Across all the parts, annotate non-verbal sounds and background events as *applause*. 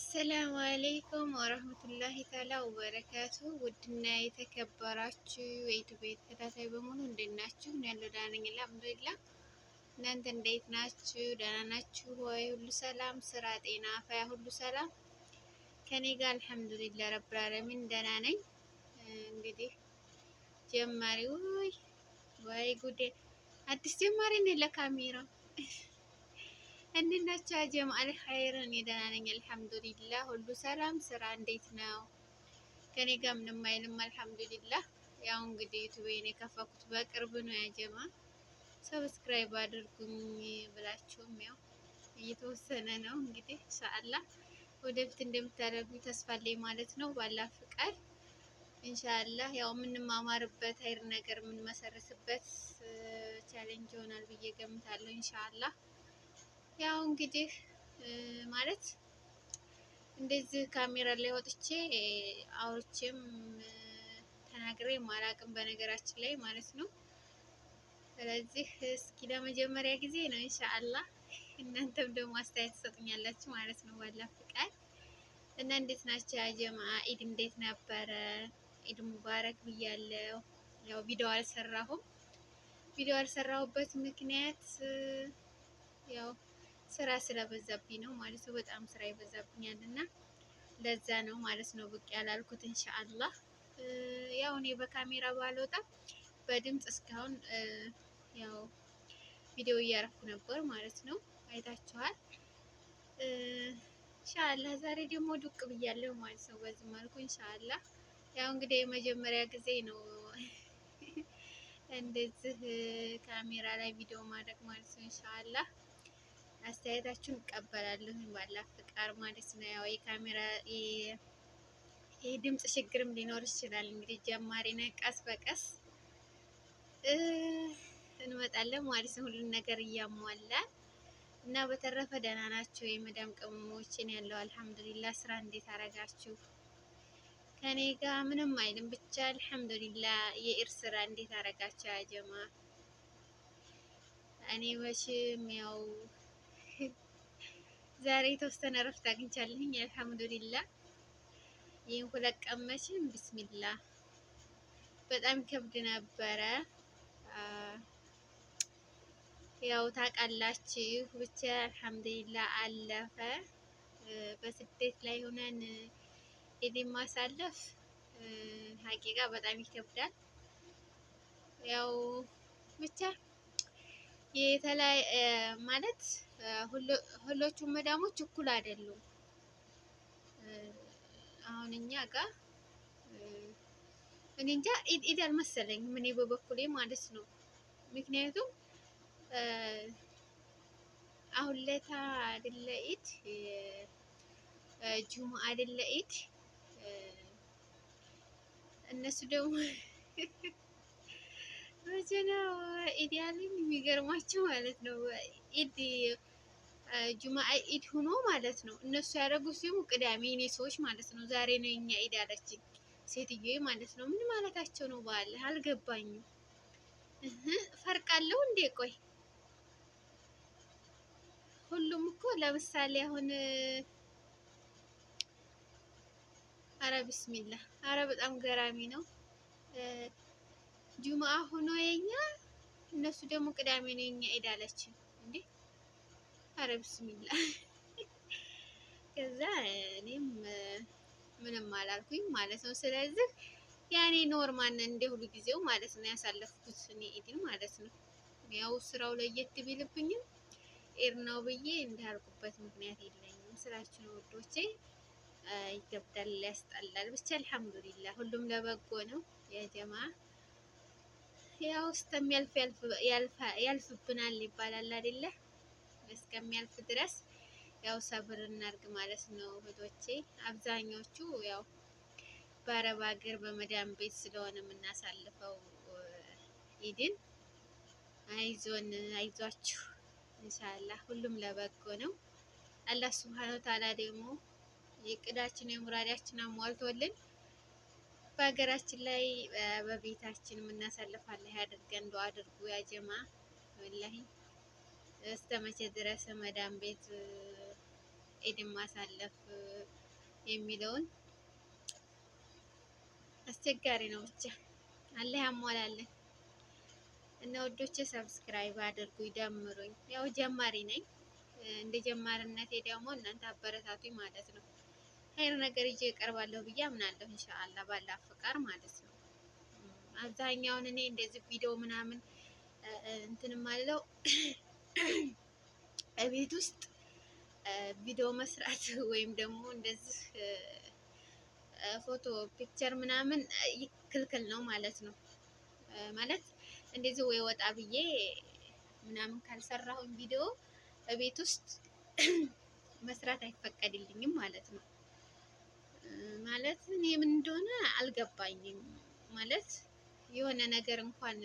አሰላሙ አሌይኩም ወረህመቱላሂ ተዓላ ወበረካቱ። ውድና የተከበራችሁ የዩቲዩብ ተከታታይ በሙሉ እንዴት ናችሁ? ያለው ደህና ነኝ፣ አልሐምዱሊላህ። እናንተ እንዴት ናችሁ? ደህና ናችሁ ወይ? ሁሉ ሰላም፣ ስራ፣ ጤና፣ አፋያ ሁሉ ሰላም ከኔ ጋር አልሐምዱሊላህ ረብል ዓለሚን ደህና ነኝ። እንግዲህ ጀማሪ ወይ ወይ ጉዴ አዲስ ጀማሪ ነኝ ለካሜራው እንዴት ናችሁ? ጀማል ኸይር፣ እኔ ደህና ነኝ አልሐምዱሊላህ። ሁሉ ሰላም፣ ስራ እንዴት ነው? ከኔ ጋር ምንም አይልም አልሐምዱሊላህ። ያው እንግዲህ ዩቲዩብን የከፈኩት በቅርብ ነው። ያ ጀማ ሰብስክራይብ አድርጉኝ ብላችሁም ያው እየተወሰነ ነው እንግዲህ ኢንሻአላህ ወደፊት እንደምታደርጉ ተስፋ ማለት ነው ባላ ፍቃድ ኢንሻአላህ ያው የምንማማርበት አይር ነገር የምንመሰርትበት ቻሌንጅ ይሆናል ብዬ ገምታለሁ ኢንሻአላህ ያው እንግዲህ ማለት እንደዚህ ካሜራ ላይ ወጥቼ አውርቼም ተናግሬ ማላቅም በነገራችን ላይ ማለት ነው። ስለዚህ እስኪ ለመጀመሪያ ጊዜ ነው ኢንሻአላህ። እናንተም ደግሞ አስተያየት ትሰጡኛላችሁ ማለት ነው ባላ ፍቃድ እና እንዴት ናቸው ያጀማ? ኢድ እንዴት ነበረ? ኢድ ሙባረክ ብያለሁ። ያው ቪዲዮ አልሰራሁም። ቪዲዮ አልሰራሁበት ምክንያት ያው ስራ ስለበዛብኝ ነው ማለት ነው። በጣም ስራ ይበዛብኛል እና ለዛ ነው ማለት ነው ብቅ ያላልኩት። እንሻአላህ ያው እኔ በካሜራ ባልወጣም በድምፅ እስካሁን ያው ቪዲዮ እያረኩ ነበር ማለት ነው። አይታችኋል። ኢንሻአላህ ዛሬ ደግሞ ዱቅ ብያለሁ ማለት ነው። በዚህ መልኩ ኢንሻአላህ ያው እንግዲህ የመጀመሪያ ጊዜ ነው *laughs* እንደዚህ ካሜራ ላይ ቪዲዮ ማድረግ ማለት ነው። ኢንሻአላህ አስተያየታችሁን እቀበላለሁ ባላ ፍቃር ማለት ነው። ያው የካሜራ የድምፅ ችግርም ሊኖር ይችላል። እንግዲህ ጀማሪ ነን፣ ቀስ በቀስ እንመጣለን ማለት ነው። ሁሉን ነገር እያሟላል እና በተረፈ ደህና ናቸው የመዳም ቅመሞችን ያለው አልሐምዱሊላ። ስራ እንዴት አረጋችሁ? ከኔ ጋር ምንም አይልም ብቻ አልሐምዱሊላ። የኢር ስራ እንዴት አረጋችሁ? ያጀማ እኔ መቼም ያው ዛሬ የተወሰነ እረፍት አግኝቻለሁኝ። አልሐምዱሊላ ይህን ሁለት ቀን መቼም ብስሚላ በጣም ከብድ ነበረ። ያው ታውቃላችሁ ብቻ አልሐምዱሊላ አለፈ። በስደት ላይ ሆነን ኢድን ማሳለፍ ሀቂቃ በጣም ይከብዳል። ያው ብቻ የተለያየ ማለት ሁሎቹም መዳሞች እኩል አይደሉም። አሁን እኛ ጋር እኔ እንጃ ኢድ አልመሰለኝ እኔ በበኩሌ ማለት ነው። ምክንያቱም አሁን ለታ አይደለ ኢድ ጁማ አይደለ ኢድ እነሱ ደግሞ *laughs* ነው ኢድ ያለን? የሚገርማቸው ማለት ነው ኢድ ጁማ ኢድ ሆኖ ማለት ነው እነሱ ያደረጉት ሲሆን ቅዳሜ እኔ ሰዎች ማለት ነው ዛሬ ነው እኛ ኢድ አለችኝ ሴትዮ ማለት ነው። ምን ማለታቸው ነው? በዓል አልገባኝም። ፈርቃለሁ እንዴ? ቆይ ሁሉም እኮ ለምሳሌ አሁን አረ ቢስሚላህ፣ አረ በጣም ገራሚ ነው። ጁማ ሆኖ የኛ እነሱ ደግሞ ቅዳሜ ነው የኛ ኢድ አለችን እንዴ! አረ ብስሚላ። ከዛ እኔም ምንም አላልኩኝ ማለት ነው። ስለዚህ ያኔ ኖርማል እንደ ሁሉ ጊዜው ማለት ነው ያሳለፍኩት እኔ ኢድን ማለት ነው። ያው ስራው ለየት ቢልብኝም ኤር ነው ብዬ እንዳልኩበት ምክንያት የለኝም። ስራችን ወዶቼ ይገብዳል፣ ያስጠላል። ብቻ አልሐምዱሊላ ሁሉም ለበጎ ነው የጀማ ያው እስከሚያልፍ ያልፍብናል ይባላል አይደለ? እስከሚያልፍ ድረስ ያው ሰብር እናርግ ማለት ነው እህቶቼ። አብዛኞቹ ያው በአረብ ሀገር በመዳን ቤት ስለሆነ የምናሳልፈው ኢድን፣ አይዞን አይዟችሁ። ኢንሻአላህ ሁሉም ለበጎ ነው። አላህ ሱብሃነሁ ወተዓላ ደግሞ የቅዳችን የሙራዳችን አሟልቶልን በሀገራችን ላይ በቤታችን የምናሳልፋለ ያድርገን። ዱአ አድርጉ ያጀማ ወላሂ እስከ መቼ ድረስ መዳን ቤት ኢድን ማሳለፍ የሚለውን አስቸጋሪ ነው። ብቻ አላህ ያሟላለን እና ወዶቼ ሰብስክራይብ አድርጉ፣ ይደምሩኝ። ያው ጀማሪ ነኝ። እንደ ጀማርነቴ ደግሞ እናንተ አበረታቱኝ ማለት ነው። ኸይር ነገር ይዤ እቀርባለሁ ብዬ አምናለሁ። እንሻአላ ባላ ፍቃር ማለት ነው። አብዛኛውን እኔ እንደዚህ ቪዲዮ ምናምን እንትን ማለው ቤት ውስጥ ቪዲዮ መስራት ወይም ደግሞ እንደዚህ ፎቶ ፒክቸር ምናምን ክልክል ነው ማለት ነው። ማለት እንደዚህ ወይ ወጣ ብዬ ምናምን ካልሰራሁኝ ቪዲዮ በቤት ውስጥ መስራት አይፈቀድልኝም ማለት ነው። ማለት እኔ ምን እንደሆነ አልገባኝም። ማለት የሆነ ነገር እንኳን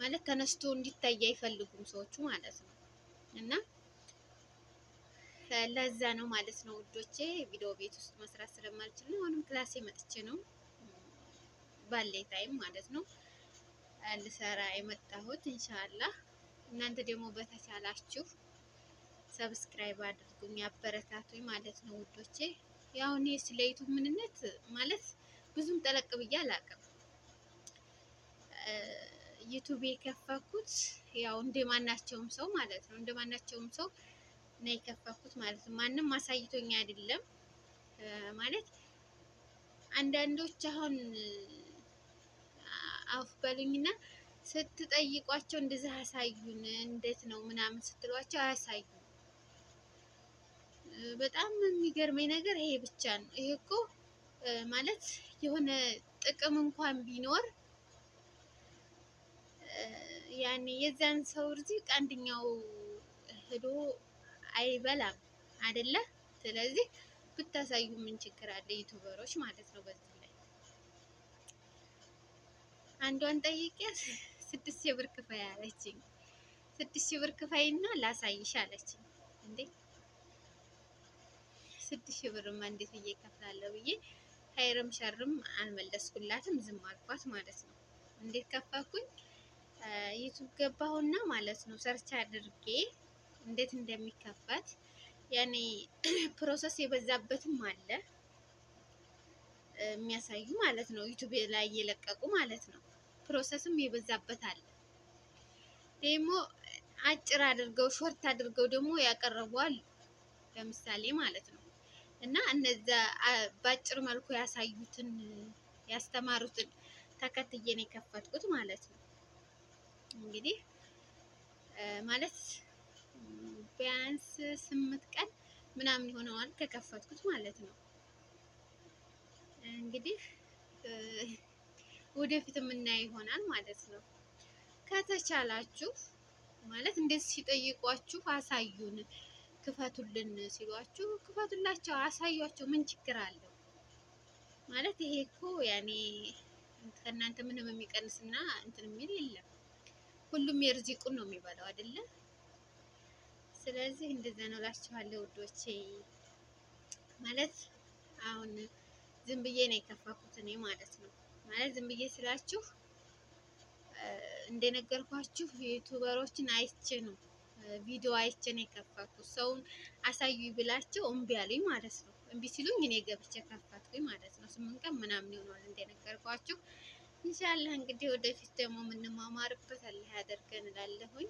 ማለት ተነስቶ እንዲታይ አይፈልጉም ሰዎቹ ማለት ነው። እና ለዛ ነው ማለት ነው ውዶቼ፣ ቪዲዮ ቤት ውስጥ መስራት ስለማልችል ነው። አሁንም ክላሴ መጥቼ ነው ባሌ ታይም ማለት ነው ልሰራ የመጣሁት ኢንሻአላህ። እናንተ ደግሞ በተቻላችሁ ሰብስክራይብ አድርጉኝ፣ አበረታቱኝ ማለት ነው ውዶቼ። ያው እኔ ስለ ዩቱብ ምንነት ማለት ብዙም ጠለቅ ብዬ አላውቅም። ዩቱብ የከፈኩት ያው እንደማናቸውም ሰው ማለት ነው፣ እንደማናቸውም ሰው ነው የከፈኩት ማለት ነው። ማንም አሳይቶኝ አይደለም ማለት አንዳንዶች አሁን አፍ በሉኝና ስትጠይቋቸው እንደዚህ አሳዩን እንዴት ነው ምናምን ስትሏቸው አያሳዩ በጣም የሚገርመኝ ነገር ይሄ ብቻ ነው። ይሄ እኮ ማለት የሆነ ጥቅም እንኳን ቢኖር ያኔ የዚያን ሰው ርዝቅ ቀንድኛው ሄዶ አይበላም አይደለ? ስለዚህ ብታሳዩ ምን ችግር አለ? ዩቱበሮች ማለት ነው። በዚህ ላይ አንዷን ጠይቄያት ስድስት ሺህ ብር ክፈይ አለችኝ። ስድስት ሺህ ብር ክፈይና ላሳይሽ አለችኝ። እንዴ ስድስት ሺህ ብርማ እንዴት ብዬ እከፍላለሁ ብዬ ሀይርም ሸርም አልመለስኩላትም፣ ዝም አልኳት ማለት ነው። እንዴት ከፈኩኝ ዩቱብ ገባሁና ማለት ነው ሰርች አድርጌ እንዴት እንደሚከፈት ያኔ *clears throat* ፕሮሰስ የበዛበትም አለ የሚያሳዩ ማለት ነው። ዩቱብ ላይ እየለቀቁ ማለት ነው። ፕሮሰስም የበዛበት አለ ደግሞ አጭር አድርገው ሾርት አድርገው ደግሞ ያቀረቧል። ለምሳሌ ማለት ነው እና እነዛ በአጭር መልኩ ያሳዩትን ያስተማሩትን ተከትዬ ነው የከፈትኩት ማለት ነው። እንግዲህ ማለት ቢያንስ ስምንት ቀን ምናምን ይሆነዋል ከከፈትኩት ማለት ነው። እንግዲህ ወደፊት የምናየው ይሆናል ማለት ነው። ከተቻላችሁ ማለት እንደዚህ ሲጠይቋችሁ አሳዩን። ክፈቱልን ሲሏችሁ ክፈቱላቸው፣ አሳያቸው። ምን ችግር አለው ማለት ይሄ እኮ ያኔ ከእናንተ ምንም የሚቀንስና እንትን የሚል የለም። ሁሉም የርዚቁን ነው የሚበላው አይደለ? ስለዚህ እንደዛ ነው እላችኋለሁ ውዶቼ። ማለት አሁን ዝም ብዬ ነው የከፈኩት እኔ ማለት ነው። ማለት ዝም ብዬ ስላችሁ እንደነገርኳችሁ ዩቱበሮችን አይቼ ነው ቪዲዮ አይቼ ነው የከፈትኩት ሰውን አሳዩ ብላቸው እምቢ አሉኝ ማለት ነው። እምቢ ሲሉኝ እኔ ገብቼ ከፈትኩኝ ማለት ነው። ስምንት ቀን ምናምን ይሆናል እንደነገርኳችሁ። ኢንሻአላህ እንግዲህ ወደፊት ደግሞ የምንማማርበት አላህ ያደርገን እላለሁኝ።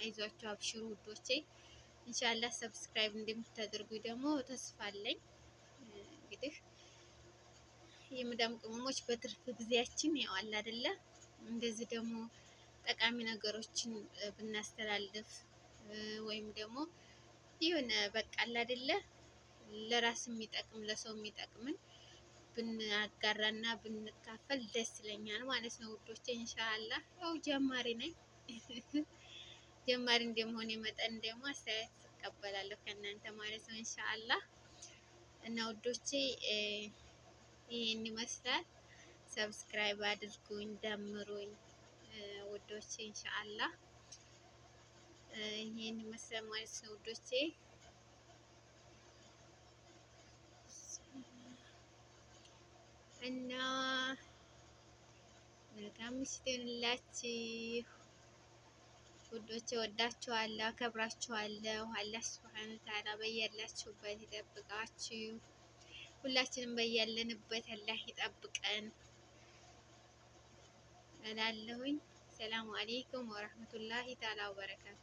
አይዟችሁ፣ አብሽሩ ውዶቼ። ኢንሻአላህ ሰብስክራይብ እንደምታደርጉኝ ደግሞ ተስፋ አለኝ። እንግዲህ የመዳም ቅመሞች በትርፍ ጊዜያችን ያው አለ አይደለ እንደዚህ ደግሞ ጠቃሚ ነገሮችን ብናስተላልፍ ወይም ደግሞ የሆነ በቃ አይደለ ለራስ የሚጠቅም ለሰው የሚጠቅምን እና ብንካፈል ደስ ይለኛል ማለት ነው ውዶቼ። እንሻላ ያው ጀማሪ ነኝ። *laughs* ጀማሪ እንደመሆኔ መጠን ደግሞ አስተያየት ትቀበላለሁ ከእናንተ ማለት ነው እንሻላ። እና ውዶቼ ይህን ይመስላል። ሰብስክራይብ አድርጉኝ፣ ደምሩኝ ውዶቼ ኢንሻአላ። ይህን ይመስላል ማለት ነው ውዶቼ። እና መልካም ምሽት ይሁንላችሁ ውዶቼ። ወዳችኋለሁ፣ አከብራችኋለሁ። አላህ ሱብሓነሁ ወተዓላ በያላችሁበት ይጠብቃችሁ። ሁላችንም በያለንበት አላህ ይጠብቀን እላለሁኝ። ሰላሙ አሌይኩም ወረህመቱላሂ ተዓላ ወበረካቱ።